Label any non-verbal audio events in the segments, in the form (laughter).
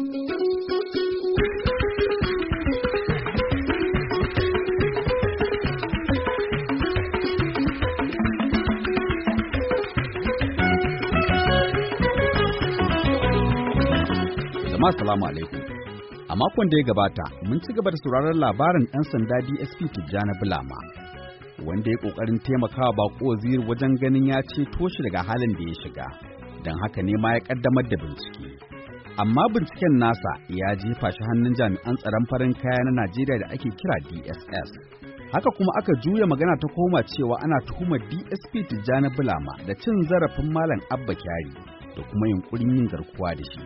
Jama'a alaikum. A makon da ya gabata, mun ci gaba da sauraron labarin ɗan sanda DSP Tijjani Bulama, wanda ya ƙoƙarin taimakawa baƙo waziri wajen ganin ya ceto shi daga halin da ya shiga. Don haka ne ma ya ƙaddamar da bincike. amma binciken nasa ya jefa shi hannun jami'an tsaron farin kaya na najeriya da ake kira dss haka kuma aka juya magana ta koma cewa ana tuhumar dsp tijjani bulama da cin zarafin malam abba kyari da kuma yunkurin yin garkuwa da shi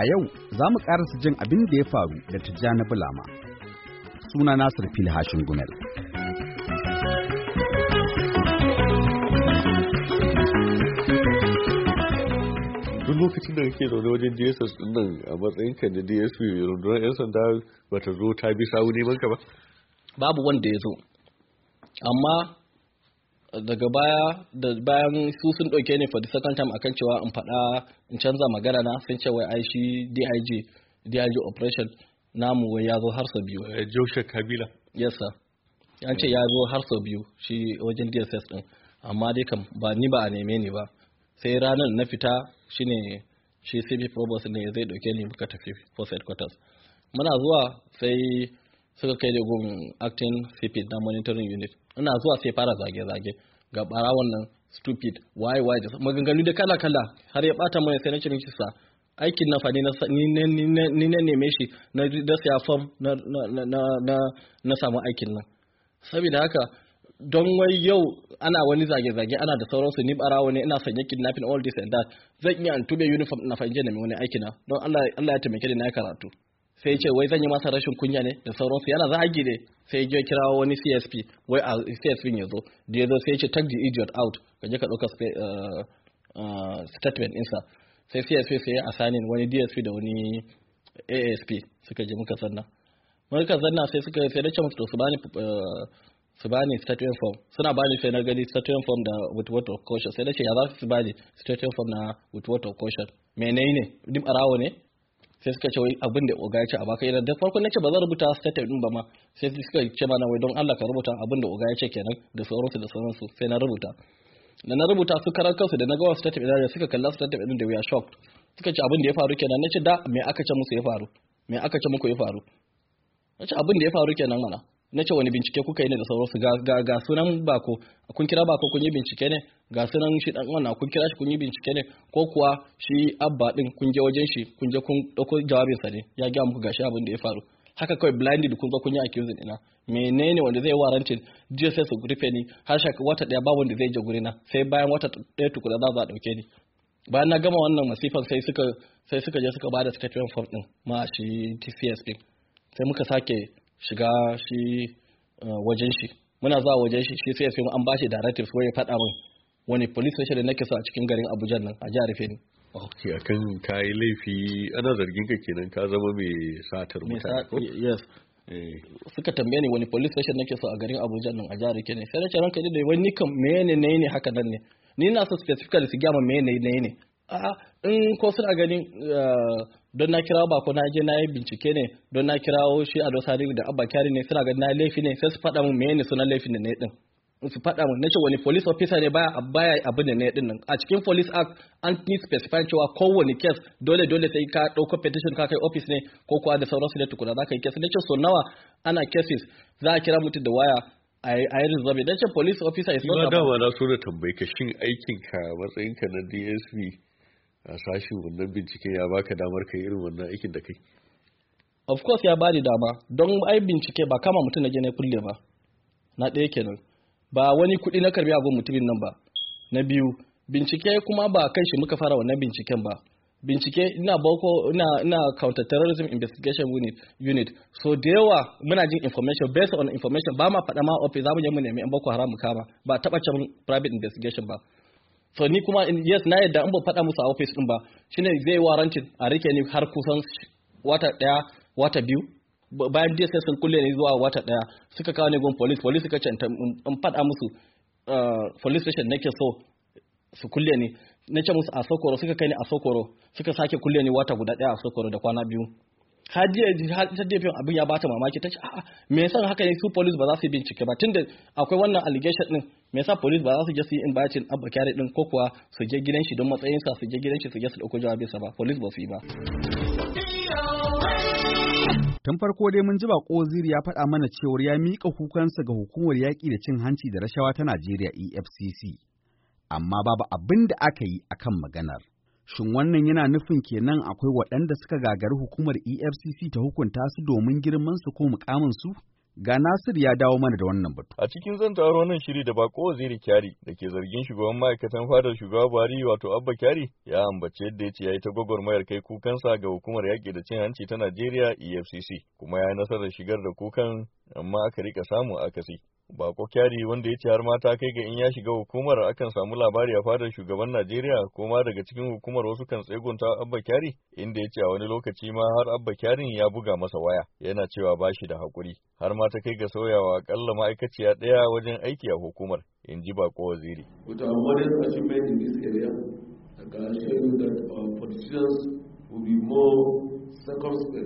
a yau za mu karasa jin abin da ya faru da tijjani bulama suna nasir Filhashin hashin gumel lokacin da kake zaune wajen DSS din nan a matsayin kan na DSP rundunar 'yan sanda ta zo ta bi sawu neman ka ba? Babu wanda ya zo. Amma daga baya da bayan su sun ɗauke ni for the second time akan cewa in faɗa in canza magana na sun ce wai ai shi DIG DIG operation namu wai ya zo har sau biyu. Eh, Joshua Kabila. Yes sir. An ce ya zo har sau biyu shi wajen DSS din. Amma dai kam ba ni ba a neme ni ba. Sai ranar na fita shine shi cp provost ne zai dauke ni muka tafi post headquarters muna zuwa sai suka kai da gun acting cp na monitoring unit ina zuwa sai fara zage-zage ga barawon nan stupid why why da maganganu da kala kala har ya bata mai sai na cirin kisa aikin na fani ni ne neme shi na siya fom na samu aikin nan saboda haka don wai yau ana wani zage-zage ana da sauransu ni bara wani ina sanye kidnapping all this and that zan iya antube uniform na fanje na wani aiki na don Allah ya taimake ni na karatu sai ya ce wai zan yi masa rashin kunya ne da sauransu yana zagi ne sai ya kirawo wani CSP wai a CSP ya zo da ya zo sai ya ce take the idiot out ka je ka ɗauka eh, eh, statement insa. sai CSP sai ya asanin wani DSP da wani ASP suka je muka sanna muka sanna sai suka sai da ce musu to su bani eh, su bani statuin form suna bani sai na gani statuin form da with what of caution sai na ce ya za su bani statuin form na with what of caution menene dim arawo ne sai suka ce wai abin da oga ya ce a baka idan da farko nace ba zan rubuta statement din ba ma sai suka ce mana wai don Allah ka rubuta abin da oga ya ce kenan da sauransu da sauransu sai na rubuta da na rubuta su karar kansu da na ga wasu tattabi da suka kalla statement din da we are shocked suka ce abin da ya faru kenan nace da me aka ce musu ya faru me aka ce muku ya faru nace abin da ya faru kenan mana na ce wani bincike kuka yi ne da sauransu ga sunan bako kun kira bako kun yi bincike ne ga sunan shi dan wannan kun kira shi kun yi bincike ne ko kuwa shi abba din kun je wajen shi kun je kun dauko jawabin sa ne ya ga muku gashi abin da ya faru haka kawai blinded kun zo kun yi accusing ina menene wanda zai warantin sai su rufe ni har shaka wata daya ba wanda zai je gurina sai bayan wata daya tukuna za a dauke ni bayan na gama wannan masifan sai suka sai suka je suka bada statement form din ma shi TCS din sai muka sake shiga shi eh, wajen shi muna zuwa wajen shi shi sai ya ce an bashi directives wai ya faɗa min wani police station da nake so a cikin garin Abuja nan a jihar Fene. ok akan kai laifi ana zargin ka kenan ka zama mai satar mutane ko yes eh. suka tambaye ni wani police station nake so a garin Abuja nan a jihar Fene sai na ce ranka dai wani kam mene ne ne haka nan ne ni na so specifically su gama mene ne ne a'a in ko suna ganin eh, don na kirawo ba ko na je na yi bincike ne don na kirawo shi a dosa da abba kyari ne suna ganin na laifi ne sai su faɗa mun me ne sunan laifin da ne din su faɗa mun nace wani police officer ne baya baya abin da ne din nan a cikin police act an ni specify cewa kowane case dole dole sai ka ɗauko petition ka kai office ne ko kuwa da sauransu ne tukuna za ka yi case nace so nawa ana cases za a kira mutum da waya a yi rizami don ce police officer is not a... Ima dama na so na tambayi ka shin aikinka matsayinka na DSP a sashin wannan binciken ya baka damar kai irin wannan aikin da kai of course ya bani dama don ai bincike ba kama mutum na gina kulle ba na ɗaya kenan ba wani kuɗi na karbi abin mutumin nan ba na biyu bincike kuma ba kai shi muka fara wannan binciken ba bincike ina boko ina ina counter terrorism investigation unit unit so da yawa muna jin information based on information ba ma faɗa ma office za mu je mu nemi yan boko haram mu kama ba taɓa cin private investigation ba so ni kuma yes na yadda an ba faɗa musu a office din ba shine zai waranti a rike ni har kusan wata daya wata biyu bayan sai sun kulle ni zuwa wata daya suka kawo ni gun police police suka ce in faɗa musu eh, police station nake so su kulle ni na musu a sokoro suka kai ni a sokoro suka sake kulle ni wata guda daya a sokoro da kwana biyu hajiyar jefin abin ya bata mamaki ta ce a'a me yasa haka ne su police ba za su bincike ba tunda akwai wannan allegation din me yasa police ba za su je su yi inviting abba kyare din ko kuwa su je gidan shi don matsayinsa su je gidan shi su je su dauko jawabinsa ba police ba su yi ba Tun farko dai mun ji ba ziri ya faɗa mana cewar ya miƙa kukansa ga hukumar yaƙi da cin hanci da rashawa ta Najeriya EFCC, amma babu abin da aka yi akan maganar. Shin wannan yana nufin kenan akwai waɗanda suka gagari hukumar EFCC ta hukunta su domin girman su ko mukamin su? Ga Nasir ya dawo mana da wannan batu. A cikin zan taro nan shiri da bako Waziri Kyari da ke zargin shugaban ma'aikatan fadar shugaba Buhari wato Abba Kyari ya ambace yadda yace yayi ta mayar kai kukansa ga hukumar yaƙi da cin hanci ta Najeriya EFCC kuma ya yi nasarar shigar da kukan amma aka rika samu akasi. Bako kyari wanda ya ce har mata kai ga in ya shiga hukumar akan samu labari a fadar shugaban Najeriya ko ma daga cikin hukumar wasu kan tsegunta Abba kyari inda ya ce a wani lokaci ma har Abba kyarin ya buga masa waya yana cewa ba shi da hakuri har ma ta kai ga sauyawa akalla ma'aikaciya ɗaya wajen aiki a hukumar in ji Bako waziri. Uh,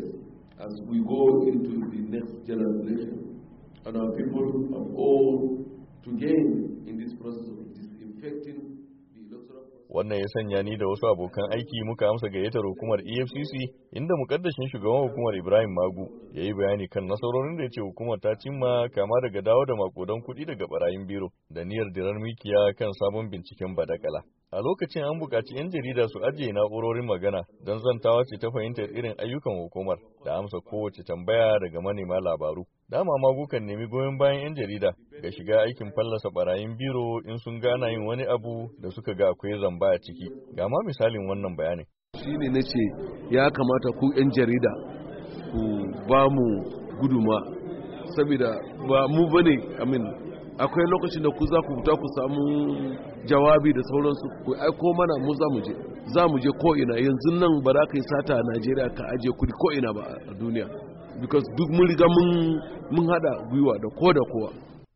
as we go into the next general and our people of all to gain in this process of disinfecting wannan ya sanya ni da wasu abokan aiki muka amsa gayyatar hukumar efcc inda mukaddashin shugaban hukumar ibrahim magu ya yi bayani kan nasarorin da ya ce hukumar ta cimma kama daga dawo da makodan kuɗi daga barayin biro da niyyar dirar mikiya kan sabon binciken badakala A lokacin an buƙaci 'yan jarida su ajiye na'urorin magana don zantawa ce ta fahimtar irin ayyukan hukumar da amsa kowace tambaya daga manema labaru. Dama ma kukan nemi goyon bayan 'yan jarida ga shiga aikin fallasa barayin biro in sun gana yin wani abu da suka ga akwai zamba a ciki. Ga ma misalin wannan bayanin. Shi ne na ce ya kamata ku 'yan jarida ku ba mu guduma saboda ba mu bane amin akwai lokacin da ku za ku fita ku samu jawabi da sauransu ku aiko mana mu za mu je za mu je ko ina yanzu nan ba za ka yi sata a Najeriya ka ajiye kudi ko ina ba a duniya because duk mun riga mun hada gwiwa da ko da kowa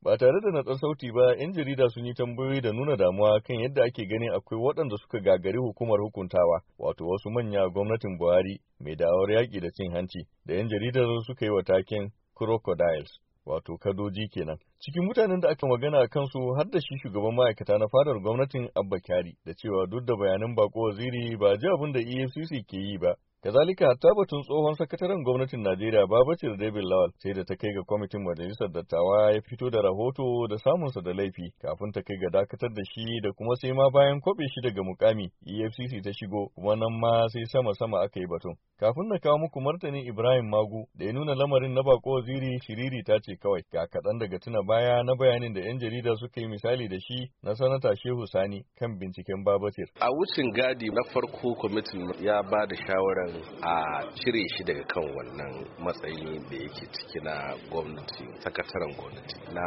ba tare da natsar sauti ba yan jarida sun yi tambayoyi da nuna damuwa kan yadda ake ganin akwai waɗanda suka gagari hukumar hukuntawa wato wasu manya gwamnatin buhari mai dawar yaƙi da cin hanci da yan jaridar suka yi wa taken crocodiles wato kadoji kenan cikin mutanen da aka magana a kansu har da shi shugaban ma'aikata na fadar gwamnatin abba kyari da cewa duk da bayanan bako waziri ba ji abin da efcc ke yi ba Kazalika hatta batun tsohon sakataren gwamnatin Najeriya Babacir David Lawal sai da ta kai ga kwamitin majalisar dattawa ya fito da rahoto da samunsa da laifi kafin ta kai ga dakatar da shi da kuma sai ma bayan kwabe shi daga mukami EFCC ta shigo kuma nan ma sai sama sama aka yi batun. Kafin na kawo muku martani Ibrahim Magu da ya nuna lamarin na bako ziri shiriri ta ce kawai ga kaɗan daga tuna baya na bayanin da 'yan jarida suka yi misali da shi na sanata Shehu Sani kan binciken Babacir. A wucin gadi na farko kwamitin ya ba da shawarar a cire shi daga kan wannan matsayin da yake ciki na gwamnati sakataren gwamnati na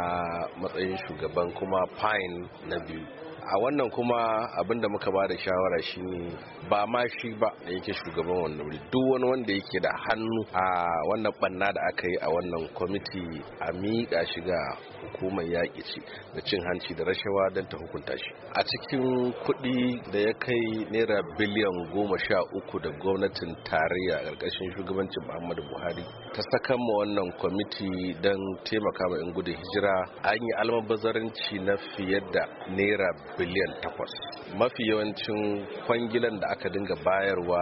matsayin shugaban kuma fine na biyu a wannan kuma abinda muka ba da shawara ne ba ma shi ba da yake shugaban wannan wuri duk wani wanda yake da hannu a wannan banna da aka yi a wannan kwamiti a miƙa shi ga hukumar yaƙi ce, da cin hanci da rashawa don ta hukunta shi a cikin kuɗi da ya kai naira biliyan goma sha uku da gwamnatin tarayya ƙarƙashin shugabancin muhammadu buhari ta sakan ma wannan kwamiti don taimaka ma 'yan gudun hijira an yi almabazaranci na fiye da naira biliyan takwas mafi yawancin kwangilan da aka dinga bayarwa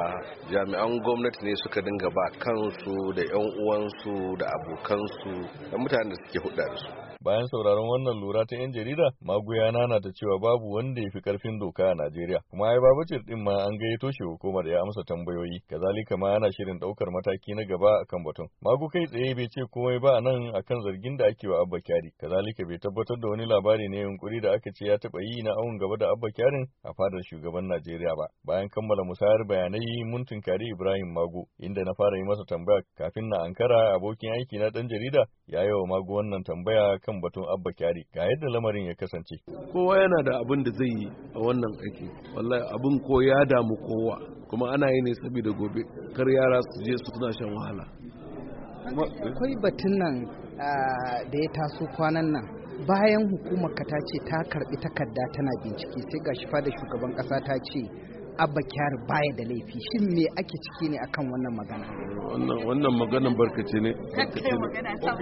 jami'an gwamnati ne suka dinga ba kansu da 'yan uwansu da abokansu da mutanen da suke hudu da su bayan sauraron wannan lura ta 'yan jarida magoya nana ta cewa babu wanda ya fi karfin doka a najeriya kuma ai babu din ma an gayyato shi hukumar ya amsa tambayoyi kazalika ma ana shirin daukar mataki na gaba akan batun mago kai tsaye bai ce komai ba nan akan zargin da ake wa abba kyari kazalika bai tabbatar da wani labari ne yunkuri da aka ce ya taba yi na awon gaba da abba kyarin a fadar shugaban najeriya ba bayan kammala musayar bayanai mun tunkari ibrahim mago inda na fara yi masa tambaya kafin na ankara abokin aiki na dan jarida ya yi wa mago wannan tambaya kan kan batun Abba Kyari ga yadda lamarin ya kasance. Kowa yana da abin da zai yi a wannan aiki. Wallahi abin ko ya damu kowa kuma ana yi ne saboda gobe kar yara su je su suna shan wahala. Akwai batun nan ah, da ya taso kwanan nan bayan hukumar ka ta ce ta karbi takarda tana bincike sai ga gashi fada shugaban kasa ta ce abba kyar baya da laifi shin me ake ciki ne akan wannan magana wannan maganan barkace ne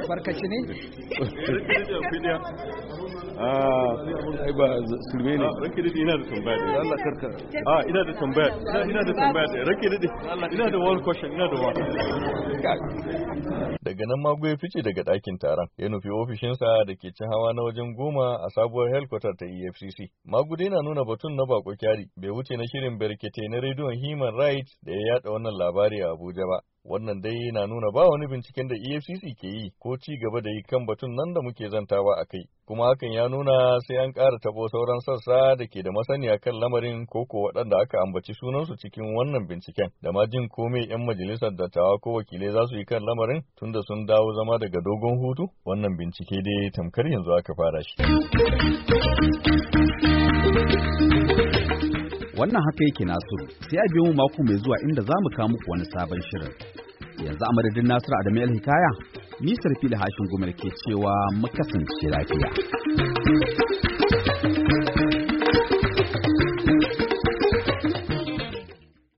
barkace ne sulme (laughs) ah, ne rake dade ina da tambaya Allah karka ah ina da tambaya ina da tambaya da ranke dade ina da one question ina da one daga nan mago ya fice daga ɗakin taron ya nufi ofishinsa da ke ci hawa na wajen goma a sabuwar helkwatar ta efcc mago dai na nuna batun na bako kyari bai wuce na shirin berkete na rediyon Human Rights da ya yada wannan labari a Abuja ba. Wannan dai yana nuna ba wani binciken da EFCC ke yi ko ci gaba da yi kan batun nan da muke zantawa a kai. Kuma hakan ya nuna sai an ƙara tabo sauran sassa da ke da masaniya kan lamarin ko ko waɗanda aka ambaci sunansu cikin wannan binciken da ma jin kome 'yan majalisar dattawa ko wakilai za su yi kan lamarin tunda sun dawo zama daga dogon hutu wannan bincike dai tamkar yanzu aka fara shi. Wannan haka yake Nasiru, sai a biyo mu mako mai zuwa inda za mu kawo muku wani sabon shirin. Yanzu a madadin Nasiru Adamu El Hikaya, ni da Hashin Gumar ke cewa mu kasance lafiya.